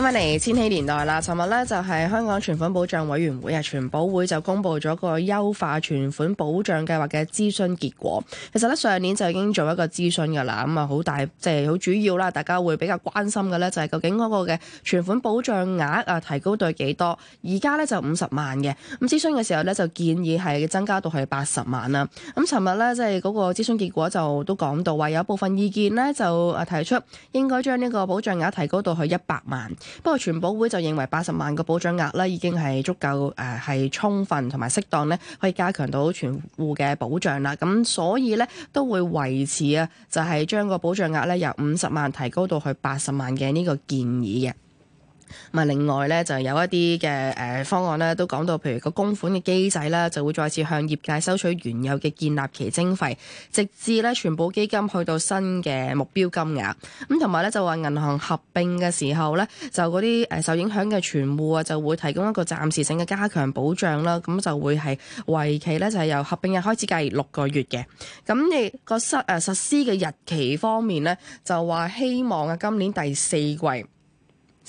翻返嚟千禧年代啦。尋日咧就係香港存款保障委員會啊，存保會就公布咗個優化存款保障計劃嘅諮詢結果。其實咧上年就已經做一個諮詢噶啦，咁啊好大即係好主要啦。大家會比較關心嘅咧就係究竟嗰個嘅存款保障額啊提高到幾多？而家咧就五十萬嘅。咁諮詢嘅時候咧就建議係增加到係八十萬啦。咁尋日咧即係嗰個諮詢結果就都講到話有部分意見咧就啊提出應該將呢個保障額提高到去一百萬。不過，存保會就認為八十萬個保障額啦，已經係足夠誒，係充分同埋適當咧，可以加強到全戶嘅保障啦。咁所以咧，都會維持啊，就係將個保障額咧由五十萬提高到去八十萬嘅呢個建議嘅。咁啊，另外咧就有一啲嘅、呃、方案咧，都講到，譬如個供款嘅機制咧，就會再次向業界收取原有嘅建立期徵費，直至咧存保基金去到新嘅目標金額。咁同埋咧就話銀行合併嘅時候咧，就嗰啲受影響嘅存戶啊，就會提供一個暫時性嘅加強保障啦。咁就會係為期咧，就係由合併日開始計六個月嘅。咁你、那個實、呃、實施嘅日期方面咧，就話希望啊今年第四季。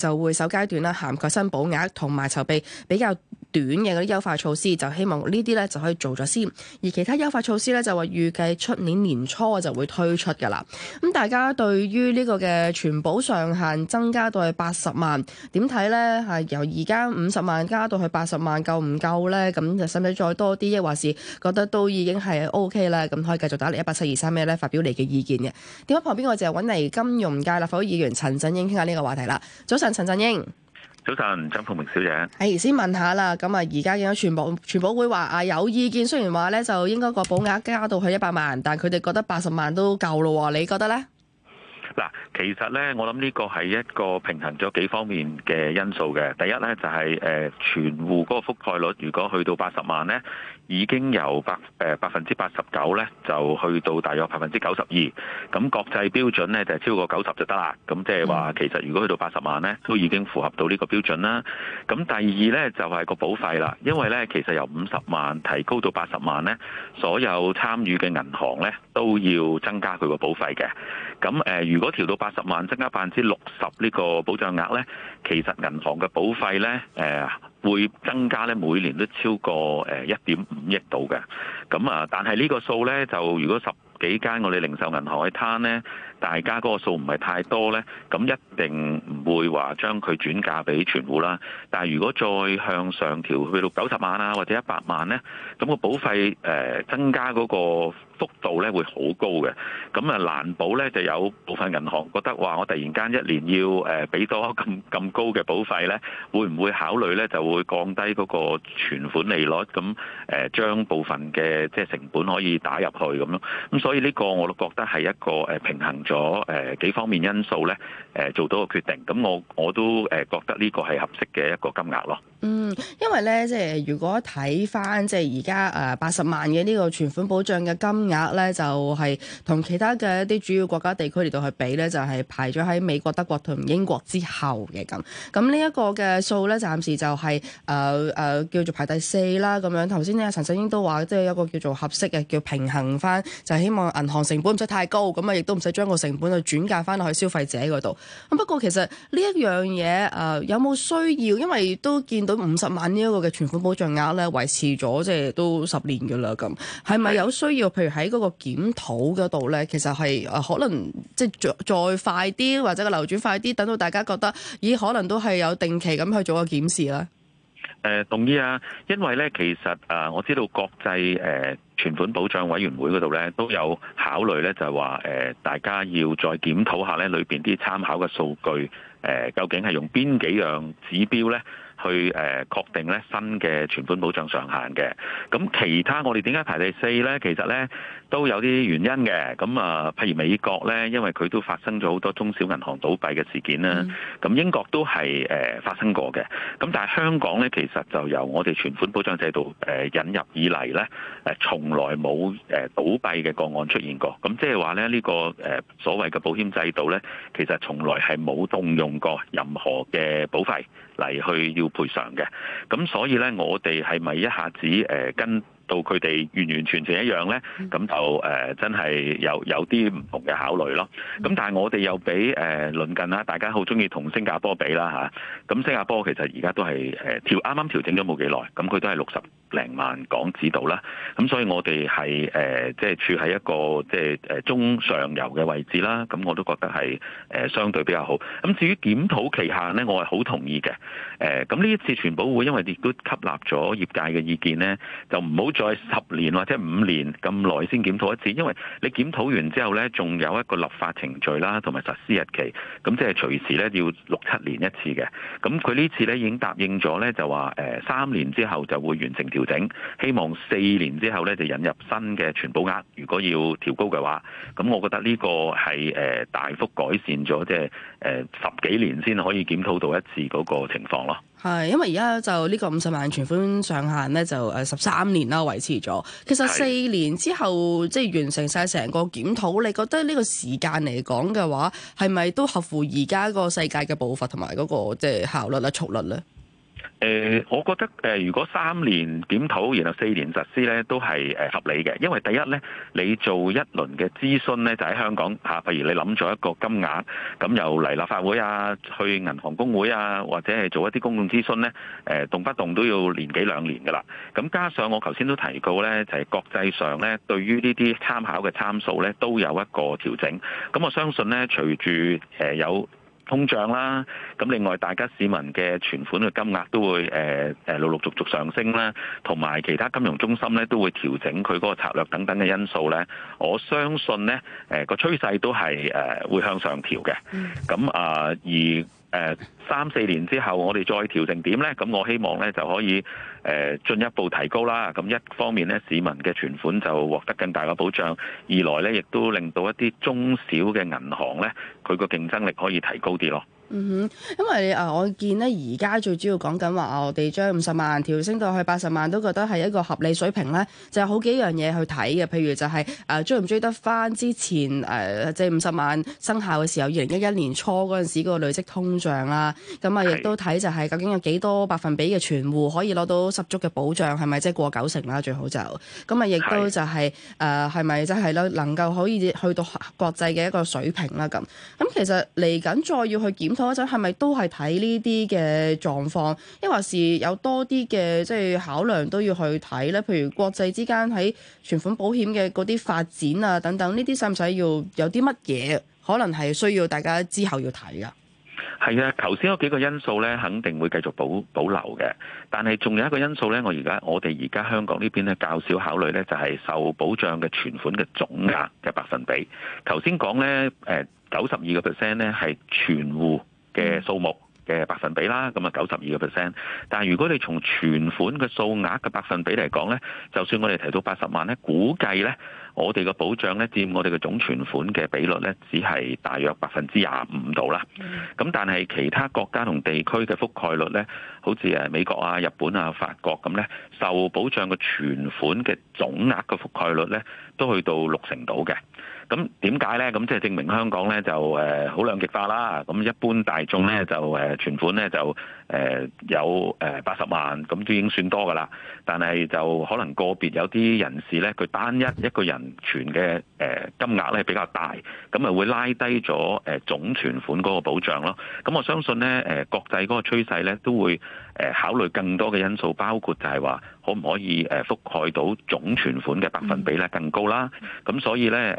就會首階段啦，涵蓋新保額同埋籌備比較短嘅嗰啲優化措施就希望呢啲呢就可以做咗先，而其他優化措施呢，就話預計出年年初就會推出噶啦。咁大家對於呢個嘅全保上限增加到去八十萬點睇呢？嚇、啊，由而家五十萬加到去八十萬夠唔夠呢？咁就使唔使再多啲？抑或是覺得都已經係 OK 啦，咁可以繼續打嚟一八七二三咩呢？發表你嘅意見嘅。點解旁邊我就揾嚟金融界立法會議員陳振英傾下呢個話題啦。早晨，陳振英。早晨，張鳳明小姐。誒，先問下啦，咁啊，而家有全部，存保會話啊有意見，雖然話咧就應該個保額加到去一百萬，但佢哋覺得八十萬都夠咯。你覺得咧？嗱，其實咧，我諗呢個係一個平衡咗幾方面嘅因素嘅。第一咧就係誒存戶嗰個覆蓋率，如果去到八十萬咧，已經由百誒百分之八十九咧，就去到大約百分之九十二。咁國際標準咧就係超過九十就得啦。咁即係話其實如果去到八十萬咧，都已經符合到呢個標準啦。咁第二咧就係個保費啦，因為咧其實由五十萬提高到八十萬咧，所有參與嘅銀行咧都要增加佢個保費嘅。咁誒，如果調到八十萬，增加百分之六十呢個保障額呢，其實銀行嘅保費呢誒會增加呢，每年都超過誒一點五億度嘅。咁啊，但係呢個數呢，就如果十幾間我哋零售銀行去攤呢，大家嗰個數唔係太多呢，咁一定唔會話將佢轉嫁俾存戶啦。但係如果再向上調去到九十萬啊，或者一百萬呢，咁個保費誒增加嗰、那個。幅度咧會好高嘅，咁啊難保咧就有部分銀行覺得，話，我突然間一年要誒俾多咁咁高嘅保費咧，會唔會考慮咧就會降低嗰個存款利率，咁誒將部分嘅即係成本可以打入去咁咯。咁所以呢個我都覺得係一個誒平衡咗誒幾方面因素咧誒做到個決定。咁我我都誒覺得呢個係合適嘅一個金額咯。嗯，因為咧即係如果睇翻即係而家誒八十萬嘅呢個存款保障嘅金。額咧就係、是、同其他嘅一啲主要國家地區嚟到去比咧，就係、是、排咗喺美國、德國同英國之後嘅咁。咁呢一個嘅數咧，暫時就係誒誒叫做排第四啦。咁樣頭先呢，陳振英都話都要有一個叫做合適嘅，叫平衡翻，就是、希望銀行成本唔使太高，咁啊亦都唔使將個成本去轉嫁翻落去消費者嗰度。不過其實呢一樣嘢誒、呃，有冇需要？因為都見到五十萬呢一個嘅存款保障額咧，維持咗即係都十年㗎喇。咁係咪有需要？譬如喺嗰個檢討嗰度呢，其實係可能即係再快啲，或者個流轉快啲，等到大家覺得，咦，可能都係有定期咁去做個檢視啦。誒、呃、同意啊，因為呢，其實誒、呃、我知道國際誒、呃、存款保障委員會嗰度呢，都有考慮呢，就係話誒大家要再檢討下呢裏邊啲參考嘅數據誒、呃，究竟係用邊幾樣指標呢？去誒確定咧新嘅存款保障上限嘅，咁其他我哋點解排第四咧？其實咧，都有啲原因嘅，咁啊，譬如美國咧，因為佢都發生咗好多中小銀行倒閉嘅事件啦，咁英國都係誒發生過嘅，咁但係香港咧，其實就由我哋存款保障制度誒引入以嚟咧，誒從來冇誒倒閉嘅個案出現過。咁即係話咧呢，呢個誒所謂嘅保險制度咧，其實從來係冇動用過任何嘅保費嚟去要賠償嘅，咁所以咧我哋係咪一下子誒跟到佢哋完完全全一樣呢，咁就誒、呃、真係有有啲唔同嘅考慮咯。咁但係我哋又比誒鄰、呃、近啦，大家好中意同新加坡比啦嚇。咁、啊、新加坡其實而家都係誒啱啱調整咗冇幾耐，咁佢都係六十零萬港紙度啦。咁所以我哋係誒即係處喺一個即係、就是、中上游嘅位置啦。咁我都覺得係誒、呃、相對比較好。咁至於檢討期限呢，我係好同意嘅。誒咁呢一次存保會，因為亦都吸納咗業界嘅意見呢，就唔好。再十年或者五年咁耐先檢討一次，因為你檢討完之後呢，仲有一個立法程序啦，同埋實施日期，咁即係隨時呢，要六七年一次嘅。咁佢呢次呢，已經答應咗呢，就話、呃、三年之後就會完成調整，希望四年之後呢，就引入新嘅存保額，如果要調高嘅話，咁我覺得呢個係、呃、大幅改善咗，即係、呃、十幾年先可以檢討到一次嗰個情況咯。係，因為而家就呢個五十萬存款上限咧，就誒十三年啦，維持咗。其實四年之後即係、就是、完成晒成個檢討，你覺得呢個時間嚟講嘅話，係咪都合乎而家個世界嘅步伐同埋嗰個即係效率啦、速率咧？誒、呃，我覺得誒、呃，如果三年檢討，然後四年實施咧，都係、呃、合理嘅。因為第一咧，你做一輪嘅諮詢咧，就喺香港嚇、啊，譬如你諗咗一個金額，咁又嚟立法會啊，去銀行公會啊，或者係做一啲公共諮詢咧，誒、呃、動不動都要年幾兩年㗎喇。咁加上我頭先都提過咧，就係、是、國際上咧，對於呢啲參考嘅參數咧，都有一個調整。咁我相信咧，隨住誒有，通脹啦，咁另外大家市民嘅存款嘅金額都會誒誒陸陸續續上升啦，同埋其他金融中心咧都會調整佢嗰個策略等等嘅因素咧，我相信咧誒個趨勢都係誒會向上調嘅，咁、嗯、啊而。呃、三四年之後，我哋再調整點呢？咁我希望呢就可以誒、呃、進一步提高啦。咁一方面呢，市民嘅存款就獲得更大嘅保障；二來呢，亦都令到一啲中小嘅銀行呢，佢個競爭力可以提高啲咯。嗯哼，因為誒，我見咧而家最主要講緊話，我哋將五十萬調升到去八十萬都覺得係一個合理水平咧。就有好幾樣嘢去睇嘅，譬如就係誒追唔追得翻之前誒即係五十萬生效嘅時候，二零一一年初嗰陣時個累積通脹啦。咁啊，亦都睇就係究竟有幾多百分比嘅存戶可以攞到十足嘅保障，係咪即係過九成啦？最好就咁啊，亦都就係誒係咪真係咧能夠可以去到國際嘅一個水平啦？咁咁其實嚟緊再要去檢。嗰陣係咪都係睇呢啲嘅狀況？抑或是有多啲嘅即係考量都要去睇咧？譬如國際之間喺存款保險嘅嗰啲發展啊，等等，呢啲使唔使要有啲乜嘢？可能係需要大家之後要睇噶。係啊，頭先嗰幾個因素咧，肯定會繼續保保留嘅。但係仲有一個因素咧，我而家我哋而家香港呢邊咧較少考慮咧，就係受保障嘅存款嘅總額嘅百分比。頭先講咧，誒九十二個 percent 咧係存戶，嘅數目嘅百分比啦，咁啊九十二個 percent。但係如果你從存款嘅數額嘅百分比嚟講呢，就算我哋提到八十萬呢，估計呢，我哋嘅保障呢佔我哋嘅總存款嘅比率呢，只係大約百分之廿五度啦。咁但係其他國家同地區嘅覆蓋率呢，好似誒美國啊、日本啊、法國咁呢，受保障嘅存款嘅總額嘅覆蓋率呢，都去到六成度嘅。咁點解呢？咁即係證明香港呢就誒好兩極化啦。咁一般大眾呢就誒存款呢，就誒有誒八十萬，咁都已經算多噶啦。但係就可能個別有啲人士呢，佢單一一個人存嘅誒金額呢比較大，咁啊會拉低咗誒總存款嗰個保障咯。咁我相信呢誒國際嗰個趨勢呢都會。誒，考慮更多嘅因素，包括就係話，可唔可以誒覆蓋到總存款嘅百分比咧更高啦？咁所以咧，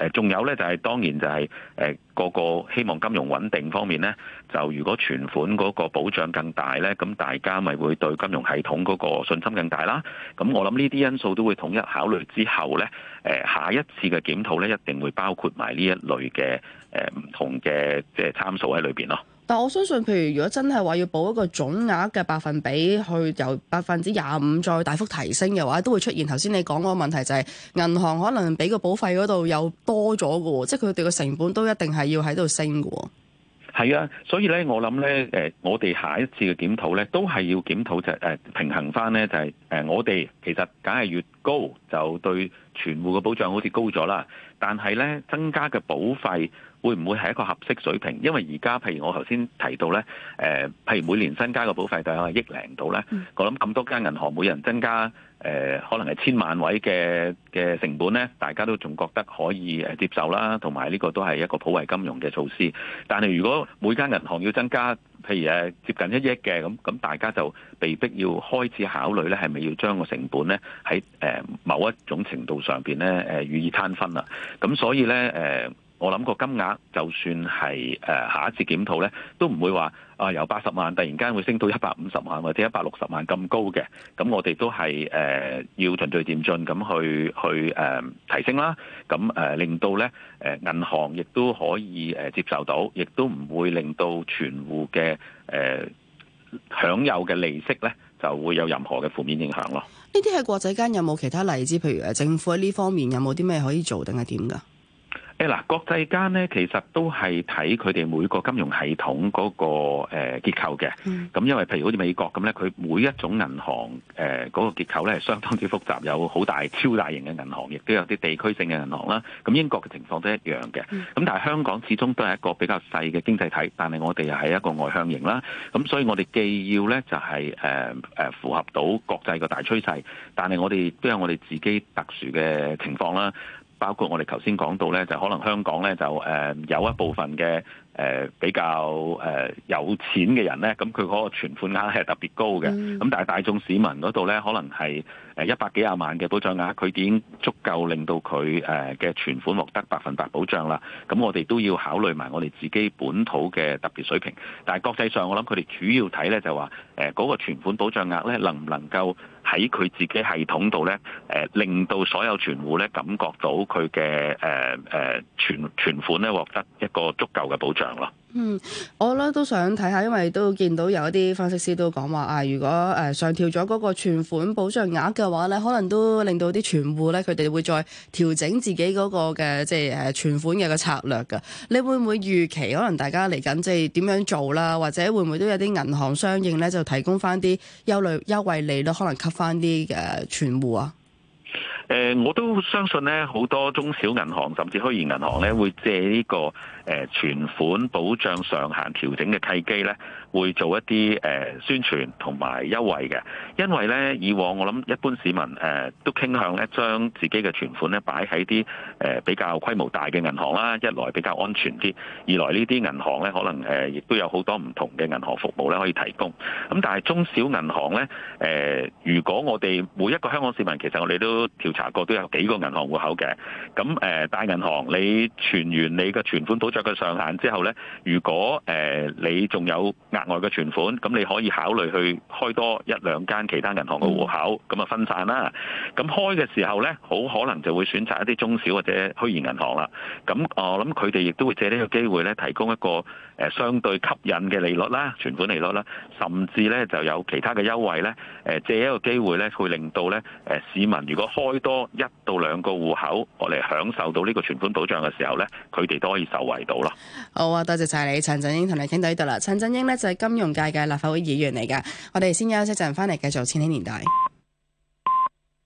誒誒仲有咧就係當然就係誒個個希望金融穩定方面咧，就如果存款嗰個保障更大咧，咁大家咪會對金融系統嗰個信心更大啦。咁我諗呢啲因素都會統一考慮之後咧，誒下一次嘅檢討咧，一定會包括埋呢一類嘅誒唔同嘅即係參數喺裏邊咯。但我相信，譬如如果真係話要保一個總額嘅百分比，去由百分之廿五再大幅提升嘅話，都會出現頭先你講嗰個問題，就是，就係銀行可能俾個保費嗰度有多咗嘅，即係佢哋嘅成本都一定係要喺度升嘅。係啊，所以咧，我諗咧，誒，我哋下一次嘅檢討咧，都係要檢討就係誒，平衡翻咧，就係、是、誒、呃，我哋其實梗係越高就對存戶嘅保障好似高咗啦，但係咧增加嘅保費。會唔會係一個合適水平？因為而家譬如我頭先提到呢，誒譬如每年增加個保費大概係億零度呢。我諗咁多間銀行每人增加誒、呃、可能係千萬位嘅嘅成本呢，大家都仲覺得可以誒接受啦，同埋呢個都係一個普惠金融嘅措施。但係如果每間銀行要增加譬如誒接近一億嘅咁，咁大家就被逼要開始考慮呢，係咪要將個成本呢喺誒某一種程度上邊呢，誒予以攤分啦？咁所以呢。誒、呃。我諗個金額就算係誒下一次檢討呢，都唔會話啊由八十萬突然間會升到一百五十萬或者一百六十萬咁高嘅。咁我哋都係誒要循序漸進咁去去誒提升啦。咁誒令到呢銀行亦都可以誒接受到，亦都唔會令到存戶嘅誒享有嘅利息呢就會有任何嘅負面影響咯。呢啲係國際間有冇其他例子？譬如誒政府喺呢方面有冇啲咩可以做，定係點噶？等等誒嗱，國際間咧，其實都係睇佢哋每個金融系統嗰個誒結構嘅。咁因為譬如好似美國咁咧，佢每一種銀行誒嗰個結構咧係相當之複雜，有好大超大型嘅銀行，亦都有啲地區性嘅銀行啦。咁英國嘅情況都一樣嘅。咁但係香港始終都係一個比較細嘅經濟體，但係我哋又係一個外向型啦。咁所以我哋既要咧就係誒誒符合到國際嘅大趨勢，但係我哋都有我哋自己特殊嘅情況啦。包括我哋頭先講到咧，就可能香港咧就誒有一部分嘅誒、呃、比較誒、呃、有錢嘅人咧，咁佢嗰個存款額係特別高嘅，咁、嗯、但係大眾市民嗰度咧，可能係誒一百幾廿萬嘅保障額，佢已經足夠令到佢誒嘅存款獲得百分百保障啦。咁我哋都要考慮埋我哋自己本土嘅特別水平，但係國際上我諗佢哋主要睇咧就話誒嗰個存款保障額咧能唔能夠喺佢自己系統度咧，誒令到所有存戶咧感覺到佢嘅誒誒存存款咧獲得一個足夠嘅保障咯。嗯，我咧都想睇下，因為都見到有一啲分析師都講話啊，如果誒、呃、上調咗嗰個存款保障額嘅話，咧，可能都令到啲存戶咧佢哋會再調整自己嗰個嘅即係誒存款嘅個策略噶。你會唔會預期可能大家嚟緊即係點樣做啦？或者會唔會都有啲銀行相應咧就提供翻啲優惠優惠利率，可能吸翻啲誒存戶啊？誒、呃、我都相信咧，好多中小銀行甚至虛擬銀行咧會借呢、這個。存款保障上限調整嘅契機呢，會做一啲誒宣傳同埋優惠嘅，因為呢，以往我諗一般市民誒都傾向呢將自己嘅存款呢擺喺啲比較規模大嘅銀行啦，一來比較安全啲，二來呢啲銀行呢可能誒亦都有好多唔同嘅銀行服務呢可以提供。咁但係中小銀行呢，誒，如果我哋每一個香港市民，其實我哋都調查過，都有幾個銀行戶口嘅，咁誒大銀行你存完你嘅存款保着個上限之後呢，如果誒你仲有額外嘅存款，咁你可以考慮去開多一兩間其他銀行嘅戶口，咁啊分散啦。咁開嘅時候呢，好可能就會選擇一啲中小或者虛擬銀行啦。咁我諗佢哋亦都會借呢個機會呢，提供一個誒相對吸引嘅利率啦、存款利率啦，甚至呢就有其他嘅優惠呢。誒借一個機會呢，會令到呢誒市民如果開多一到兩個戶口，我嚟享受到呢個存款保障嘅時候呢，佢哋都可以受惠。到啦，好啊！多謝晒你陳振英，同你傾到呢度啦。陳振英呢就係、是、金融界嘅立法會議員嚟噶。我哋先休息一陣，翻嚟繼續《千禧年代》。